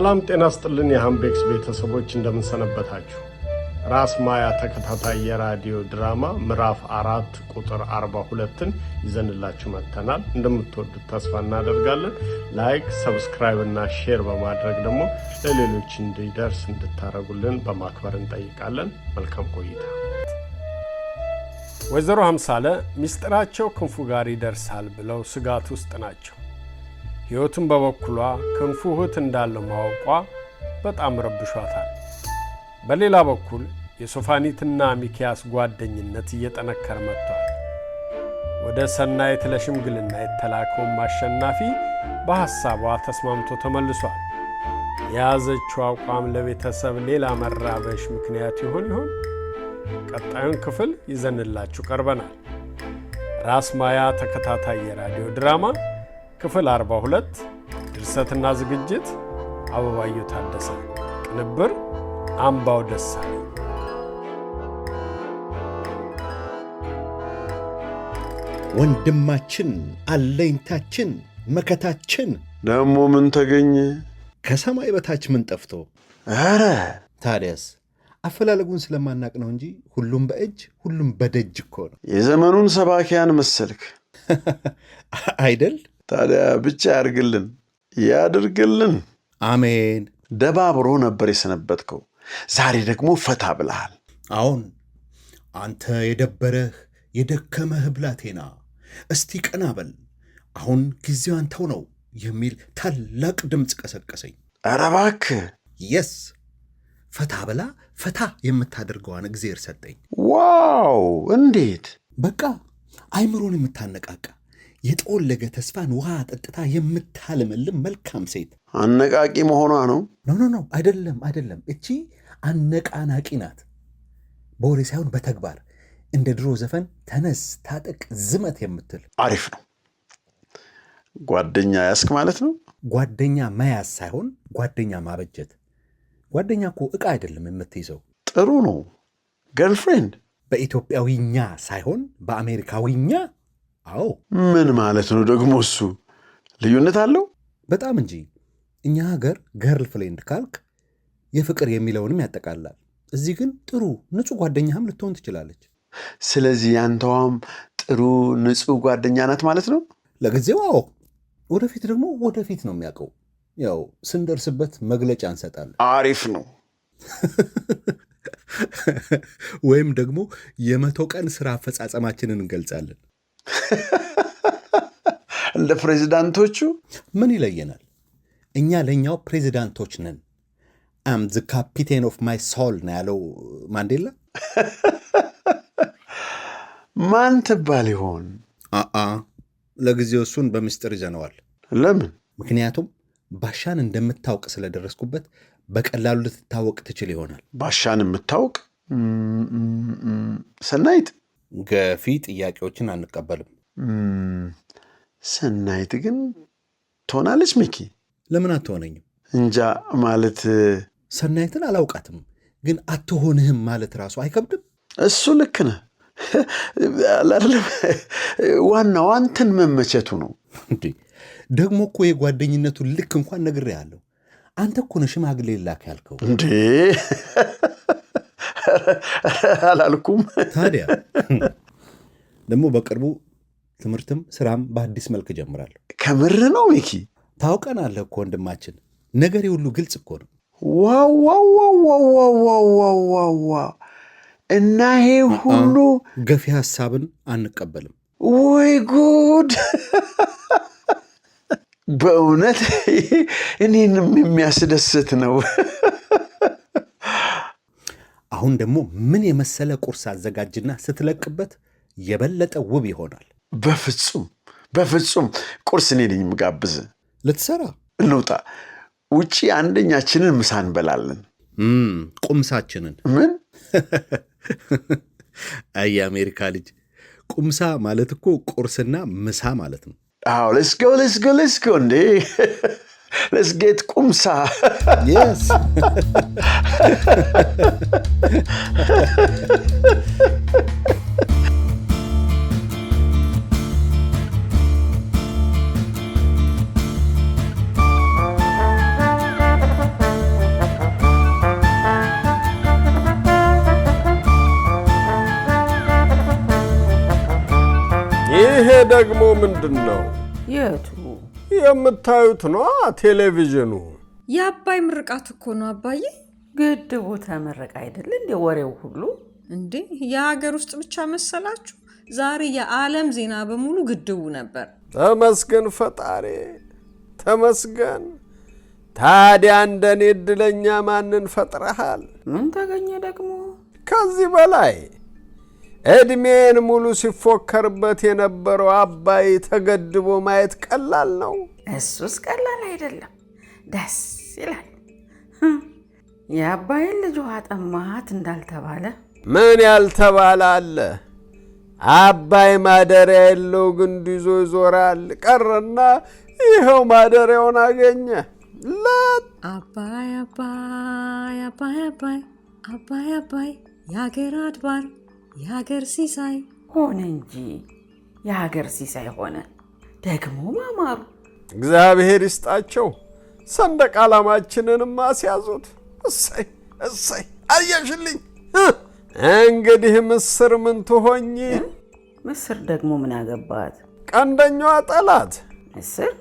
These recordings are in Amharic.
ሰላም ጤና ስጥልን። የሃምቤክስ ቤተሰቦች እንደምንሰነበታችሁ። ራስ ማያ ተከታታይ የራዲዮ ድራማ ምዕራፍ አራት ቁጥር አርባ ሁለትን ይዘንላችሁ መጥተናል። እንደምትወዱት ተስፋ እናደርጋለን። ላይክ፣ ሰብስክራይብ እና ሼር በማድረግ ደግሞ ለሌሎች እንዲደርስ እንድታደርጉልን በማክበር እንጠይቃለን። መልካም ቆይታ። ወይዘሮ ሀምሳለ ሚስጥራቸው ክንፉ ጋር ይደርሳል ብለው ስጋት ውስጥ ናቸው። ሕይወትም በበኩሏ ክንፉ እህት እንዳለው ማወቋ በጣም ረብሿታል። በሌላ በኩል የሶፋኒትና ሚኪያስ ጓደኝነት እየጠነከረ መጥቷል። ወደ ሰናይት ለሽምግልና የተላከውን አሸናፊ በሐሳቧ ተስማምቶ ተመልሷል። የያዘችው አቋም ለቤተሰብ ሌላ መራበሽ ምክንያት ይሆን ይሆን? ቀጣዩን ክፍል ይዘንላችሁ ቀርበናል። ራስ ማያ ተከታታይ የራዲዮ ድራማ ክፍል 42 ድርሰትና ዝግጅት አበባየሁ ታደሰ፣ ቅንብር አምባው ደሳለኝ። ወንድማችን አለኝታችን መከታችን ደግሞ ምን ተገኘ? ከሰማይ በታች ምን ጠፍቶ? ኧረ ታዲያስ አፈላለጉን ስለማናቅ ነው እንጂ ሁሉም በእጅ ሁሉም በደጅ እኮ ነው። የዘመኑን ሰባኪያን መሰልክ አይደል? ታዲያ ብቻ ያድርግልን ያድርግልን። አሜን። ደባብሮ ነበር የሰነበትከው፣ ዛሬ ደግሞ ፈታ ብለሃል። አሁን አንተ የደበረህ የደከመህ ብላቴና እስቲ ቀና በል፣ አሁን ጊዜው አንተው ነው የሚል ታላቅ ድምፅ ቀሰቀሰኝ። ኧረ እባክህ የስ ፈታ ብላ ፈታ የምታደርገዋን እግዜር ሰጠኝ። ዋው! እንዴት በቃ አይምሮን የምታነቃቃ የጠወለገ ተስፋን ውሃ ጠጥታ የምታለመልም መልካም ሴት አነቃቂ መሆኗ ነው። ኖ ኖ ኖ፣ አይደለም አይደለም። እቺ አነቃናቂ ናት፣ በወሬ ሳይሆን በተግባር እንደ ድሮ ዘፈን ተነስ፣ ታጠቅ፣ ዝመት የምትል አሪፍ ነው። ጓደኛ ያስክ ማለት ነው። ጓደኛ መያዝ ሳይሆን ጓደኛ ማበጀት። ጓደኛ እኮ እቃ አይደለም የምትይዘው። ጥሩ ነው። ገርልፍሬንድ በኢትዮጵያዊኛ ሳይሆን በአሜሪካዊኛ አዎ። ምን ማለት ነው ደግሞ እሱ? ልዩነት አለው በጣም እንጂ። እኛ ሀገር ገርል ፍሬንድ ካልክ የፍቅር የሚለውንም ያጠቃላል። እዚህ ግን ጥሩ ንጹህ ጓደኛህም ልትሆን ትችላለች። ስለዚህ ያንተዋም ጥሩ ንጹህ ጓደኛ ናት ማለት ነው? ለጊዜው አዎ። ወደፊት ደግሞ ወደፊት ነው የሚያውቀው። ያው ስንደርስበት መግለጫ እንሰጣለን። አሪፍ ነው። ወይም ደግሞ የመቶ ቀን ስራ አፈጻጸማችንን እንገልጻለን። እንደ ፕሬዚዳንቶቹ ምን ይለየናል? እኛ ለእኛው ፕሬዚዳንቶች ነን። አም ዘ ካፒቴን ኦፍ ማይ ሶል ነው ያለው ማንዴላ። ማን ትባል ይሆን? አአ ለጊዜው እሱን በምስጢር ይዘነዋል። ለምን? ምክንያቱም ባሻን እንደምታውቅ ስለደረስኩበት በቀላሉ ልትታወቅ ትችል ይሆናል። ባሻን የምታውቅ ሰናይት ገፊ ጥያቄዎችን አንቀበልም። ሰናይት ግን ትሆናለች። ሚኪ ለምን አትሆነኝም? እንጃ ማለት ሰናይትን አላውቃትም፣ ግን አትሆንህም ማለት ራሱ አይከብድም? እሱ ልክ ነህ። አላለም ዋናው አንተን መመቸቱ ነው። እንዴ ደግሞ እኮ የጓደኝነቱን ልክ እንኳን ነግሬሃለሁ። አንተ እኮ ነው ሽማግሌ ላክ ያልከው እንዴ አላልኩም። ታዲያ ደግሞ በቅርቡ ትምህርትም ስራም በአዲስ መልክ ጀምራለሁ። ከምር ነው ሚኪ? ታውቀናለህ እኮ ወንድማችን፣ ነገር ሁሉ ግልጽ እኮ ነው። ዋዋዋዋዋዋዋዋ እና ይሄ ሁሉ ገፊ ሀሳብን አንቀበልም። ወይ ጉድ! በእውነት እኔንም የሚያስደስት ነው። አሁን ደግሞ ምን የመሰለ ቁርስ አዘጋጅና ስትለቅበት የበለጠ ውብ ይሆናል። በፍጹም በፍጹም ቁርስ እኔ ነኝ የምጋብዝ። ልትሰራ እንውጣ። ውጪ አንደኛችንን ምሳ እንበላለን። ቁምሳችንን ምን? አይ አሜሪካ ልጅ ቁምሳ ማለት እኮ ቁርስና ምሳ ማለት ነው። አዎ፣ ለስጎ ለስጎ ለስጎ እንዴ Es geht Kumsa. Yes. ይሄ ደግሞ ምንድን ነው? የቱ? የምታዩት ነዋ ቴሌቪዥኑ። የአባይ ምርቃት እኮ ነው አባዬ። ግድቡ ተመረቀ አይደል እንዴ? ወሬው ሁሉ እንዴ የሀገር ውስጥ ብቻ መሰላችሁ? ዛሬ የዓለም ዜና በሙሉ ግድቡ ነበር። ተመስገን ፈጣሪ ተመስገን። ታዲያ እንደኔ እድለኛ ማንን ፈጥረሃል? ምን ተገኘ ደግሞ ከዚህ በላይ ዕድሜን ሙሉ ሲፎከርበት የነበረው አባይ ተገድቦ ማየት ቀላል ነው። እሱስ ቀላል አይደለም። ደስ ይላል። የአባይን ልጅ ውሃ ጠማት እንዳልተባለ ምን ያልተባለ አለ? አባይ ማደሪያ የለው ግንዱ ይዞ ይዞራል። ቀረና ይኸው ማደሪያውን አገኘ። ላት አባይ አባይ አባይ አባይ አባይ አባይ የአገር አድባር የሀገር ሲሳይ ሆነ እንጂ የሀገር ሲሳይ ሆነ። ደግሞ ማማሩ እግዚአብሔር ይስጣቸው። ሰንደቅ ዓላማችንንም አስያዙት። እሰይ እሰይ! አየሽልኝ። እንግዲህ ምስር ምን ትሆኝ? ምስር ደግሞ ምን አገባት? ቀንደኛዋ ጠላት ምስር።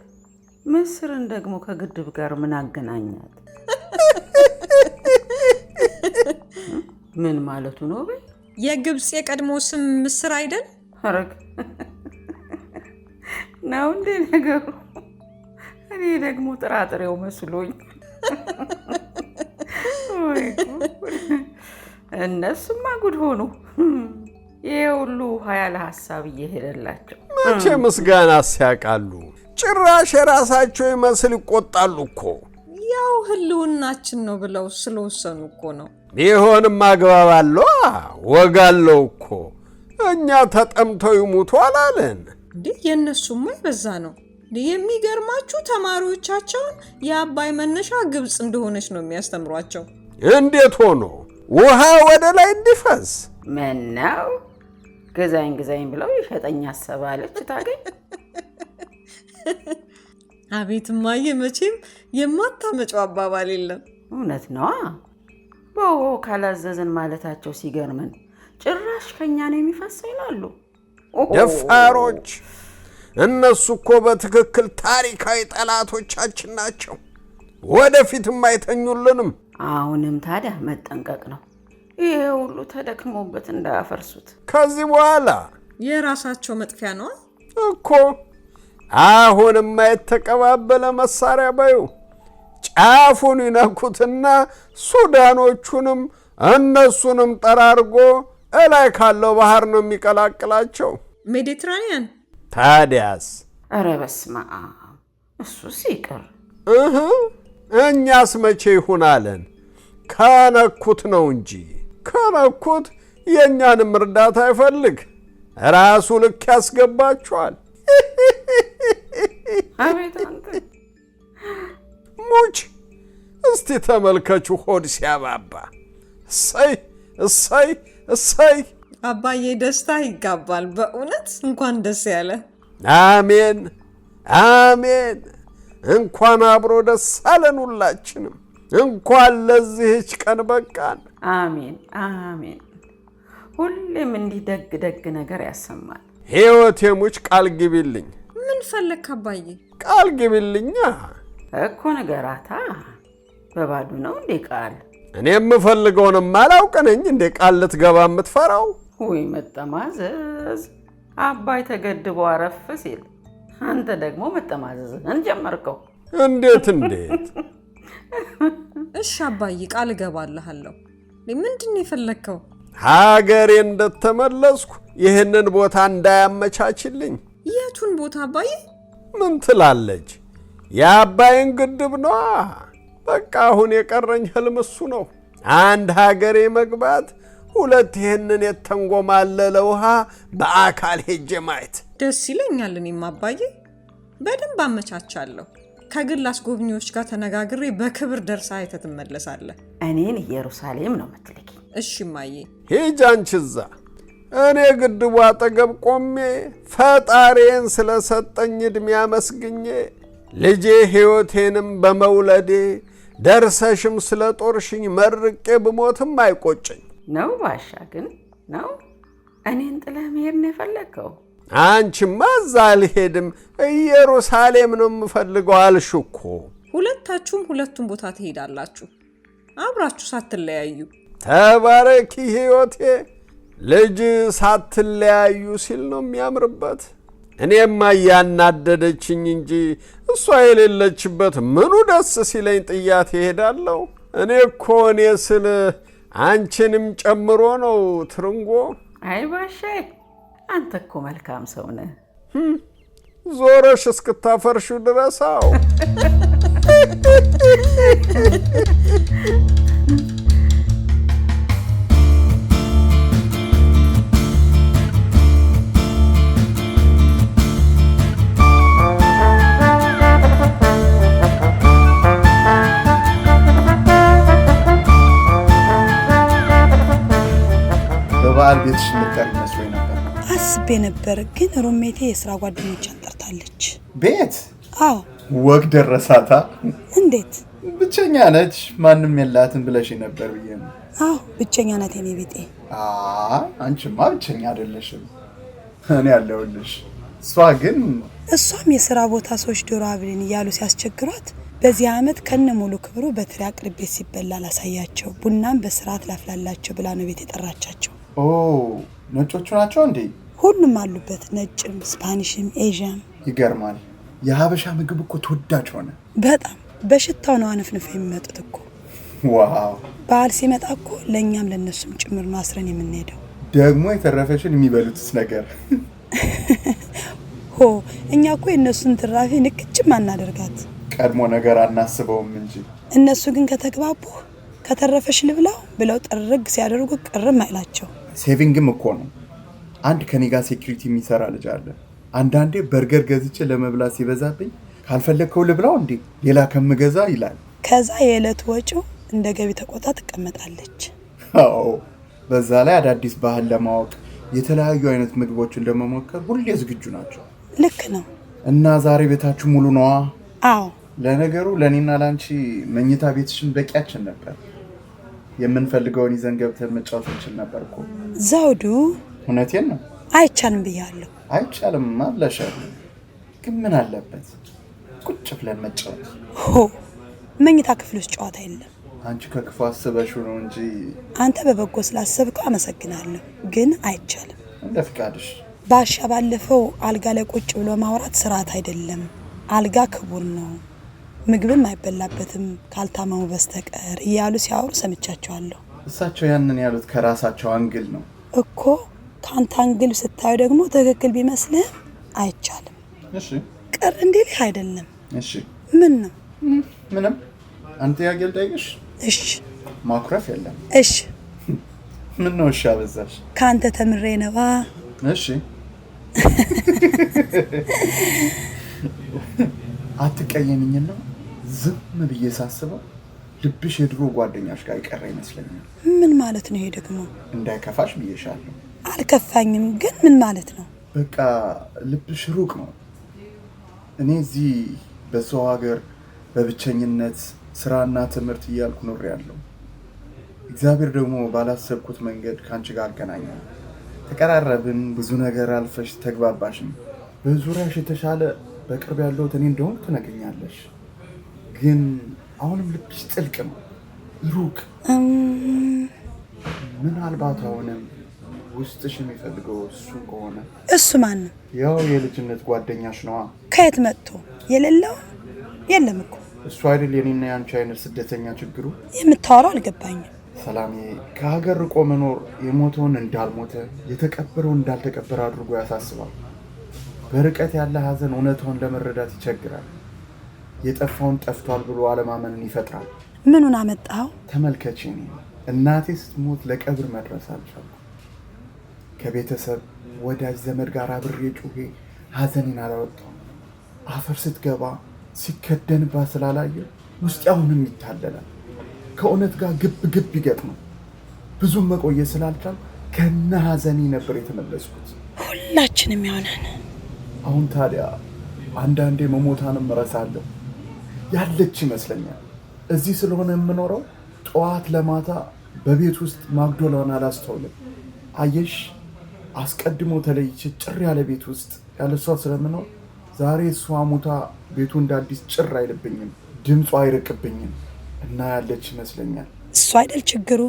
ምስርን ደግሞ ከግድብ ጋር ምን አገናኛት? ምን ማለቱ ነው? የግብፅ የቀድሞ ስም ምስር አይደል? አረግ ነው እንዴ ነገሩ? እኔ ደግሞ ጥራጥሬው መስሎኝ እነሱማ ጉድ ሆኑ። ይሄ ሁሉ ሀያ ለሀሳብ እየሄደላቸው መቼ ምስጋና ሲያውቃሉ ጭራሽ የራሳቸው ይመስል ይቆጣሉ እኮ ያው ህልውናችን ነው ብለው ስለወሰኑ እኮ ነው። ቢሆንም አግባብ አለው ወጋለው እኮ እኛ ተጠምተው ይሙቱ አላለን እንዴ? የእነሱማ ይበዛ ነው። የሚገርማችሁ ተማሪዎቻቸውን የአባይ መነሻ ግብፅ እንደሆነች ነው የሚያስተምሯቸው። እንዴት ሆኖ ውሃ ወደ ላይ እንዲፈስ ምን ነው ግዛኝ ግዛኝ ብለው የሸጠኝ አሰባለች ታገኝ። አቤት መቼም የማታመጫው አባባል የለም። እውነት ነዋ። በውሆ ካላዘዝን ማለታቸው ሲገርምን ጭራሽ ከእኛ ነው የሚፈሰው ይላሉ። ደፋሮች! እነሱ እኮ በትክክል ታሪካዊ ጠላቶቻችን ናቸው። ወደፊትም አይተኙልንም። አሁንም ታዲያ መጠንቀቅ ነው። ይሄ ሁሉ ተደክሞበት እንዳያፈርሱት። ከዚህ በኋላ የራሳቸው መጥፊያ ነው እኮ። አሁንም የተቀባበለ መሳሪያ በዩ ጫፉን ይነኩትና ሱዳኖቹንም እነሱንም ጠራርጎ እላይ ካለው ባህር ነው የሚቀላቅላቸው። ሜዲትራኒያን ታዲያስ? ኧረ በስመ አብ እሱስ ይቅር። እህ እኛስ መቼ ይሁን አለን። ከነኩት ነው እንጂ ከነኩት የእኛንም እርዳታ አይፈልግ ራሱ ልክ ያስገባቸዋል። ሙጭ! እስቲ ተመልከቹ ሆድ ሲያባባ! እሰይ እሰይ እሰይ! አባዬ ደስታ ይጋባል። በእውነት እንኳን ደስ ያለ። አሜን አሜን። እንኳን አብሮ ደስ አለን ሁላችንም። እንኳን ለዚህች ቀን በቃን። አሜን አሜን። ሁሌም እንዲህ ደግ ደግ ነገር ያሰማል። ሕይወቴ ሙች ቃል ግቢልኝ። ምን ፈለግ አባዬ? ቃል ግቢልኛ እኮ ንገራታ። በባዶ ነው እንዴ ቃል? እኔ የምፈልገውንም አላውቅ ነኝ እንዴ ቃል ልትገባ የምትፈራው? ውይ መጠማዘዝ! አባይ ተገድቦ አረፍ ሲል አንተ ደግሞ መጠማዘዝህን ጀመርከው። እንዴት እንዴት! እሺ አባይ ቃል እገባልሃለሁ። ምንድን ነው የፈለግከው? ሀገሬ እንደተመለስኩ ይህንን ቦታ እንዳያመቻችልኝ። የቱን ቦታ አባዬ ምን ትላለች? የአባይን ግድብ ነዋ። በቃ አሁን የቀረኝ ህልም እሱ ነው። አንድ ሀገሬ መግባት፣ ሁለት ይህንን የተንጎማለለ ውሃ በአካል ሄጄ ማየት ደስ ይለኛል። እኔም አባዬ በደንብ አመቻቻለሁ። ከግል አስጎብኚዎች ጋር ተነጋግሬ በክብር ደርሳ አይተህ ትመለሳለህ። እኔን ኢየሩሳሌም ነው ምትልኪ? እሺ ማዬ፣ ሂጂ አንቺ እዛ። እኔ ግድቡ አጠገብ ቆሜ ፈጣሬን ስለሰጠኝ ዕድሜ አመስግኜ ልጄ ሕይወቴንም በመውለዴ ደርሰሽም ስለ ጦርሽኝ መርቄ ብሞትም አይቆጭኝ ነው። ባሻ ግን ነው እኔን ጥለህ መሄድ ነው የፈለግከው? አንቺማ እዛ አልሄድም፣ ኢየሩሳሌም ነው የምፈልገው አልሽ እኮ። ሁለታችሁም ሁለቱም ቦታ ትሄዳላችሁ አብራችሁ ሳትለያዩ። ተባረኪ ሕይወቴ ልጅ ሳትለያዩ ሲል ነው የሚያምርበት። እኔማ እያናደደችኝ እንጂ እሷ የሌለችበት ምኑ ደስ ሲለኝ ጥያት ይሄዳለሁ። እኔ እኮ እኔ ስል አንቺንም ጨምሮ ነው ትርንጎ። አይ ባሼ፣ አንተ እኮ መልካም ሰው ነህ። ዞረሽ እስክታፈርሹ ድረሳው በዓል ቤትሽ የምትቀሪ መስሎኝ ነበር። አስቤ ነበር፣ ግን ሩሜቴ የስራ ጓደኞቿን ጠርታለች። ቤት? አዎ። ወግ ደረሳታ። እንዴት? ብቸኛ ነች፣ ማንም የላትም ብለሽ ነበር ብዬ ነው። አዎ፣ ብቸኛ ናት የኔ ቤጤ። አንቺማ ብቸኛ አይደለሽም፣ እኔ ያለውልሽ። እሷ ግን እሷም የስራ ቦታ ሰዎች ዶሮ አብልን እያሉ ሲያስቸግሯት በዚህ ዓመት ከነ ሙሉ ክብሩ በትሪ አቅርቤት ሲበላ ላሳያቸው ቡናም በስርዓት ላፍላላቸው ብላ ነው ቤት የጠራቻቸው። ነጮቹ ናቸው እንዴ? ሁሉም አሉበት። ነጭም፣ ስፓኒሽም፣ ኤዥያም። ይገርማል። የሀበሻ ምግብ እኮ ተወዳጅ ሆነ። በጣም በሽታው ነው አነፍንፍ የሚመጡት እኮ። ዋው! በዓል ሲመጣ እኮ ለእኛም ለእነሱም ጭምር ነው አስረን የምንሄደው። ደግሞ የተረፈችን የሚበሉትስ ነገር ሆ! እኛ እኮ የእነሱን ትራፊ ንቅጭም አናደርጋት። ቀድሞ ነገር አናስበውም እንጂ እነሱ ግን ከተግባቡ ከተረፈሽ ልብላው ብለው ጥርግ ሲያደርጉ ቅርም አይላቸው። ሴቪንግም እኮ ነው። አንድ ከኔ ጋር ሴኪሪቲ የሚሰራ ልጅ አለ። አንዳንዴ በርገር ገዝቼ ለመብላት ሲበዛብኝ ካልፈለግከው ልብላው እንዴ ሌላ ከምገዛ ይላል። ከዛ የዕለት ወጪው እንደ ገቢ ተቆጣ ትቀመጣለች። አዎ፣ በዛ ላይ አዳዲስ ባህል ለማወቅ የተለያዩ አይነት ምግቦችን ለመሞከር ሁሌ ዝግጁ ናቸው። ልክ ነው። እና ዛሬ ቤታችሁ ሙሉ ነዋ? አዎ። ለነገሩ ለእኔና ለአንቺ መኝታ ቤትሽን በቂያችን ነበር። የምንፈልገውን ይዘን ገብተን መጫወት እንችል ነበር እኮ ዘውዱ። እውነቴን ነው። አይቻልም ብያለሁ። አይቻልም አለሻል። ግን ምን አለበት ቁጭ ብለን መጫወት። ሆ መኝታ ክፍል ውስጥ ጨዋታ የለም። አንቺ ከክፉ አስበሽው ነው እንጂ አንተ በበጎ ስላሰብከው አመሰግናለሁ። ግን አይቻልም። እንደ ፍቃድሽ ባሻ። ባለፈው አልጋ ላይ ቁጭ ብሎ ማውራት ስርዓት አይደለም። አልጋ ክቡር ነው። ምግብም አይበላበትም ካልታመሙ በስተቀር እያሉ ሲያወሩ ሰምቻቸዋለሁ። እሳቸው ያንን ያሉት ከራሳቸው አንግል ነው እኮ። ከአንተ አንግል ስታዩ ደግሞ ትክክል ቢመስልህም አይቻልም። ቅር እንዲልህ አይደለም። ምን ነው? ምንም። አንተ ያገል ጠይቅሽ። እሺ ማኩረፍ የለም። እሺ ምን ነው? እሺ አበዛሽ። ከአንተ ተምሬ ነዋ። እሺ አትቀየምኝን ነው ዝም ብዬ ሳስበው ልብሽ የድሮ ጓደኛሽ ጋር የቀረ ይመስለኛል። ምን ማለት ነው ይሄ ደግሞ? እንዳይከፋሽ ብዬሻለሁ። አልከፋኝም፣ ግን ምን ማለት ነው? በቃ ልብሽ ሩቅ ነው። እኔ እዚህ በሰው ሀገር በብቸኝነት ስራና ትምህርት እያልኩ ኖር ያለው እግዚአብሔር ደግሞ ባላሰብኩት መንገድ ከአንቺ ጋር አገናኘ። ተቀራረብን፣ ብዙ ነገር አልፈሽ ተግባባሽም። በዙሪያሽ የተሻለ በቅርብ ያለሁት እኔ እንደሆን ትነግኛለሽ። ግን አሁንም ልብሽ ጥልቅ ነው ሩቅ። ምናልባት አሁንም ውስጥሽ የሚፈልገው እሱ ከሆነ እሱ ማን ያው የልጅነት ጓደኛሽ ነዋ። ከየት መጥቶ የሌለው የለም እኮ እሱ አይደል የኔና የአንቺ አይነት ስደተኛ ችግሩ። የምታወራው አልገባኝም ሰላሜ። ከሀገር ርቆ መኖር የሞተውን እንዳልሞተ የተቀበረው እንዳልተቀበረ አድርጎ ያሳስባል። በርቀት ያለ ሀዘን እውነታውን ለመረዳት ይቸግራል። የጠፋውን ጠፍቷል ብሎ አለማመንን ይፈጥራል። ምኑን አመጣው? ተመልከች። እኔ እናቴ ስትሞት ለቀብር መድረስ አልቻልኩም። ከቤተሰብ ወዳጅ ዘመድ ጋር አብሬ ጩሄ ሀዘኔን አላወጣው። አፈር ስትገባ ሲከደንባት ስላላየ ውስጥ አሁንም ይታለላል። ከእውነት ጋር ግብ ግብ ይገጥማል። ብዙም መቆየት ስላልቻል ከነ ሀዘኔ ነበር የተመለስኩት። ሁላችንም ያሆነን። አሁን ታዲያ አንዳንዴ መሞታንም እረሳለሁ። ያለች ይመስለኛል። እዚህ ስለሆነ የምኖረው ጠዋት ለማታ በቤት ውስጥ ማግዶላን አላስተውልም። አየሽ አስቀድሞ ተለይቼ ጭር ያለ ቤት ውስጥ ያለ እሷ ስለምኖር ዛሬ እሷ ሙታ ቤቱ እንደ አዲስ ጭር አይልብኝም፣ ድምፁ አይርቅብኝም እና ያለች ይመስለኛል። እሱ አይደል ችግሩ።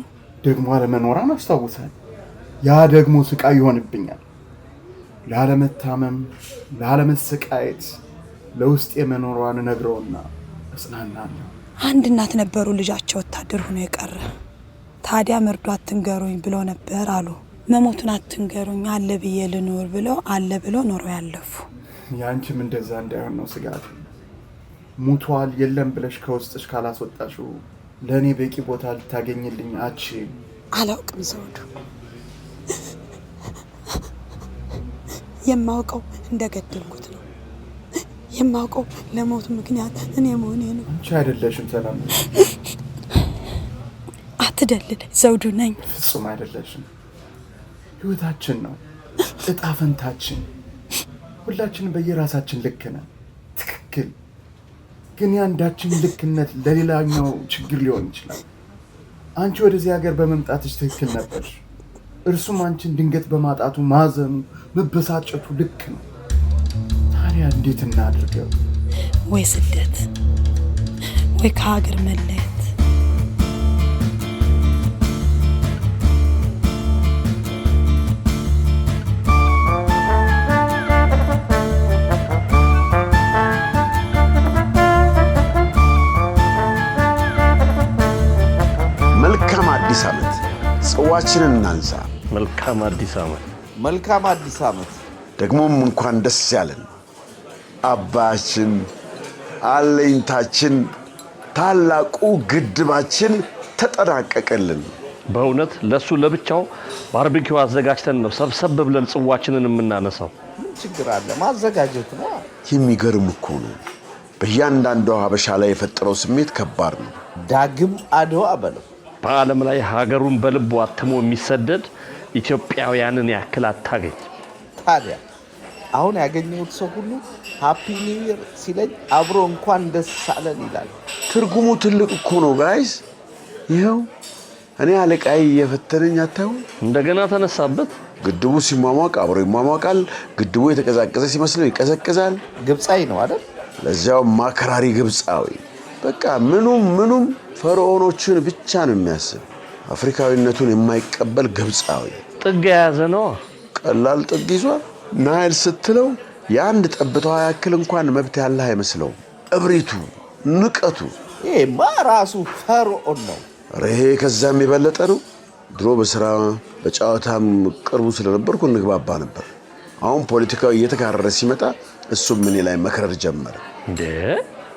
ደግሞ አለመኖራን አስታውሳል። ያ ደግሞ ስቃይ ይሆንብኛል። ላለመታመም፣ ላለመሰቃየት ለውስጥ የመኖሯን ነግረውና አንድ እናት ነበሩ፣ ልጃቸው ወታደር ሆኖ የቀረ። ታዲያ መርዶ አትንገሩኝ ብለው ነበር አሉ። መሞቱን አትንገሩኝ አለ ብዬ ልኖር ብሎ አለ ብለው ኖሮ ያለፉ። ያንቺም እንደዛ እንዳይሆን ነው ስጋት። ሙቷል የለም ብለሽ ከውስጥሽ ካላስወጣሽ ለእኔ በቂ ቦታ ልታገኝልኝ አች አላውቅም ዘውዱ የማውቀው እንደገደልኩት ነው። የማውቀው ለሞት ምክንያት እኔ መሆኔ ነው እንጂ አይደለሽም። ሰላም አትደልል፣ ዘውዱ ነኝ። ፍጹም አይደለሽም። ህይወታችን ነው እጣ ፈንታችን። ሁላችንም በየራሳችን ልክ ነን፣ ትክክል። ግን የአንዳችን ልክነት ለሌላኛው ችግር ሊሆን ይችላል። አንቺ ወደዚህ ሀገር በመምጣትሽ ትክክል ነበር እርሱም አንቺን ድንገት በማጣቱ ማዘኑ፣ መበሳጨቱ ልክ ነው። ታዲያ እንዴት እናድርገው? ወይ ስደት ወይ ከሀገር መለየት። መልካም አዲስ ዓመት። ጽዋችንን እናንሳ። መልካም አዲስ ዓመት። መልካም አዲስ ዓመት። ደግሞም እንኳን ደስ ያለን። አባችን አለኝታችን ታላቁ ግድባችን ተጠናቀቀልን። በእውነት ለእሱ ለብቻው ባርቢኪው አዘጋጅተን ነው ሰብሰብ ብለን ጽዋችንን የምናነሳው። ችግር አለ ማዘጋጀት ነው። የሚገርም እኮ ነው። በእያንዳንዱ ሀበሻ ላይ የፈጠረው ስሜት ከባድ ነው። ዳግም አድዋ በለው። በዓለም ላይ ሀገሩን በልቡ አትሞ የሚሰደድ ኢትዮጵያውያንን ያክል አታገኝ ታዲያ አሁን ያገኘሁት ሰው ሁሉ ሀፒ ኒው ይር ሲለኝ አብሮ እንኳን ደስ አለን ይላል። ትርጉሙ ትልቅ እኮ ነው ጋይስ። ይኸው እኔ አለቃዬ እየፈተነኝ አታዩ። እንደገና ተነሳበት። ግድቡ ሲሟሟቅ አብሮ ይሟሟቃል። ግድቡ የተቀዛቀዘ ሲመስለው ይቀዘቅዛል። ግብፃዊ ነው አይደል? ለዚያው ማከራሪ ግብፃዊ። በቃ ምኑም ምኑም ፈርዖኖችን ብቻ ነው የሚያስብ፣ አፍሪካዊነቱን የማይቀበል ግብፃዊ ጥግ የያዘ ነው። ቀላል ጥግ ይዟል። ናይል ስትለው የአንድ ጠብታዋ ያክል እንኳን መብት ያለህ አይመስለው እብሪቱ፣ ንቀቱ ይህማ ራሱ ፈርዖን ነው። ርሄ ከዛም የበለጠ ነው። ድሮ በስራ በጨዋታም ቅርቡ ስለነበርኩ እንግባባ ነበር። አሁን ፖለቲካው እየተካረረ ሲመጣ እሱም እኔ ላይ መክረር ጀመረ። እንዴ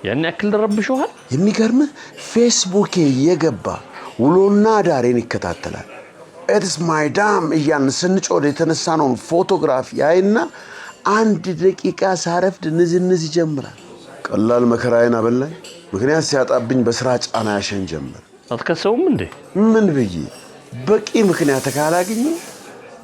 ያን ያክል ረብሸዋል? የሚገርምህ ፌስቡኬ እየገባ ውሎና ዳሬን ይከታተላል። ኤትስ ማይዳም እያን ስንጮህ የተነሳ ነውን ፎቶግራፍ ያይና አንድ ደቂቃ ሳረፍድ ንዝንዝ ይጀምራል። ቀላል መከራዬን አበላኝ። ምክንያት ሲያጣብኝ በስራ ጫና ያሸን ጀምር አትከሰውም እንዴ? ምን ብዬ በቂ ምክንያት ካላገኘ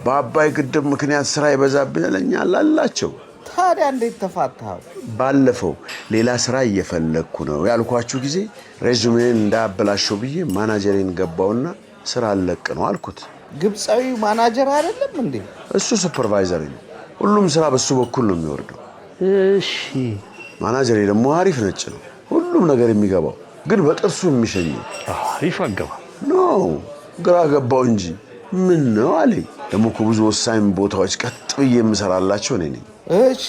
በአባይ ግድብ ምክንያት ስራ ይበዛብኛል አላላቸው። ታዲያ እንዴት ተፋታው? ባለፈው ሌላ ስራ እየፈለግኩ ነው ያልኳችሁ ጊዜ ሬዙሜን እንዳያበላሸው ብዬ ማናጀሬን ገባውና ስራ አለቅ ነው አልኩት። ግብፃዊ ማናጀር አይደለም እንዴ? እሱ ሱፐርቫይዘር ነው። ሁሉም ስራ በሱ በኩል ነው የሚወርደው። እሺ። ማናጀሬ ደግሞ አሪፍ ነጭ ነው። ሁሉም ነገር የሚገባው ግን በጥርሱ የሚሸኝ አሪፍ አገባ ኖ ግራ ገባው እንጂ ምን ነው አለኝ። ደግሞ እኮ ብዙ ወሳኝ ቦታዎች ቀጥ ብዬ የምሰራላቸው እኔ ነኝ። እሺ።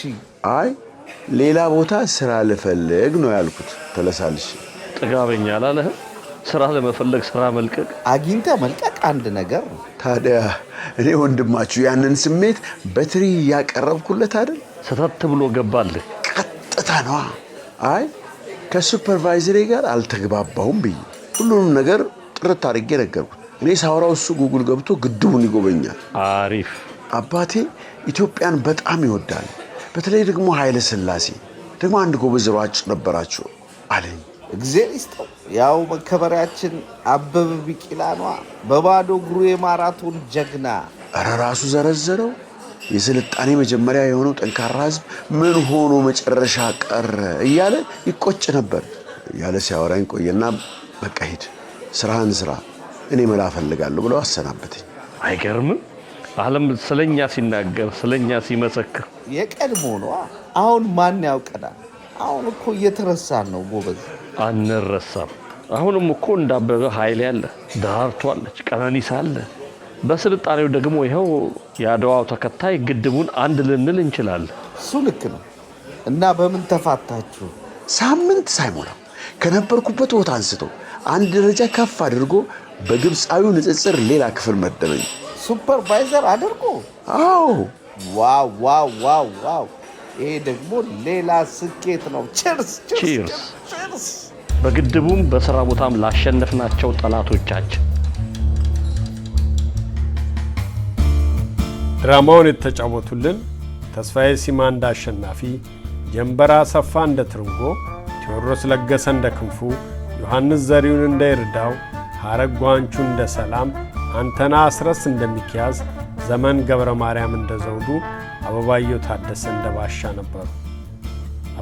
አይ ሌላ ቦታ ስራ ልፈልግ ነው ያልኩት። ተለሳልሽ ጥጋበኛ አላለህም ስራ ለመፈለግ ስራ መልቀቅ አግኝተ መልቀቅ አንድ ነገር ነው። ታዲያ እኔ ወንድማችሁ ያንን ስሜት በትሪ እያቀረብኩለት አይደል? ሰተት ብሎ ገባልህ። ቀጥታ ነዋ። አይ ከሱፐርቫይዘሬ ጋር አልተግባባሁም ብዬ ሁሉንም ነገር ጥርት አድርጌ ነገርኩት። እኔ ሳውራው እሱ ጉጉል ገብቶ ግድቡን ይጎበኛል። አሪፍ አባቴ ኢትዮጵያን በጣም ይወዳል። በተለይ ደግሞ ኃይለ ስላሴ ደግሞ አንድ ጎበዝ ሯጭ ነበራቸው አለኝ። እግዚአብሔር ይስጠው። ያው መከበሪያችን አበበ ቢቂላ በባዶ እግሩ የማራቶን ጀግና። እረ ራሱ ዘረዘረው። የስልጣኔ መጀመሪያ የሆነው ጠንካራ ህዝብ ምን ሆኖ መጨረሻ ቀረ እያለ ይቆጭ ነበር እያለ ሲያወራኝ ቆየና በቃ ሂድ ስራህን ስራ፣ እኔ መላ ፈልጋለሁ ብለው አሰናበተኝ። አይገርምም? አለም ስለኛ ሲናገር ስለኛ ሲመሰክር የቀድሞ ነዋ። አሁን ማን ያውቀናል? አሁን እኮ እየተረሳን ነው ጎበዝ። አንረሳም። አሁንም እኮ እንዳበበ ኃይሌ አለ፣ ዳርቶ አለች፣ አለ። በስልጣኔው ደግሞ ይኸው የአድዋው ተከታይ ግድቡን አንድ ልንል እንችላለን። እሱ ልክ ነው። እና በምን ተፋታችሁ? ሳምንት ሳይሞላው ከነበርኩበት ቦታ አንስቶ አንድ ደረጃ ከፍ አድርጎ በግብፃዊው ንጽጽር ሌላ ክፍል መደበኝ ሱፐርቫይዘር አድርጎ። አዎ ዋው ዋው ዋው ዋው! ይሄ ደግሞ ሌላ ስኬት ነው። ችርስ በግድቡም በስራ ቦታም ላሸነፍናቸው ጠላቶቻችን ድራማውን የተጫወቱልን ተስፋዬ ሲማ እንደ አሸናፊ፣ ጀንበራ ሰፋ እንደ ትርንጎ፣ ቴዎድሮስ ለገሰ እንደ ክንፉ፣ ዮሐንስ ዘሪውን እንደ ይርዳው፣ ሐረግ ጓንቹ እንደ ሰላም፣ አንተና አስረስ እንደ ሚኪያዝ፣ ዘመን ገብረ ማርያም እንደ ዘውዱ፣ አበባየው ታደሰ እንደ ባሻ ነበሩ።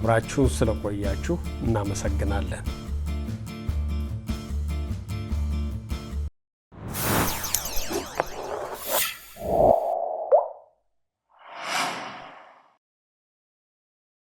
አብራችሁን ስለቆያችሁ እናመሰግናለን።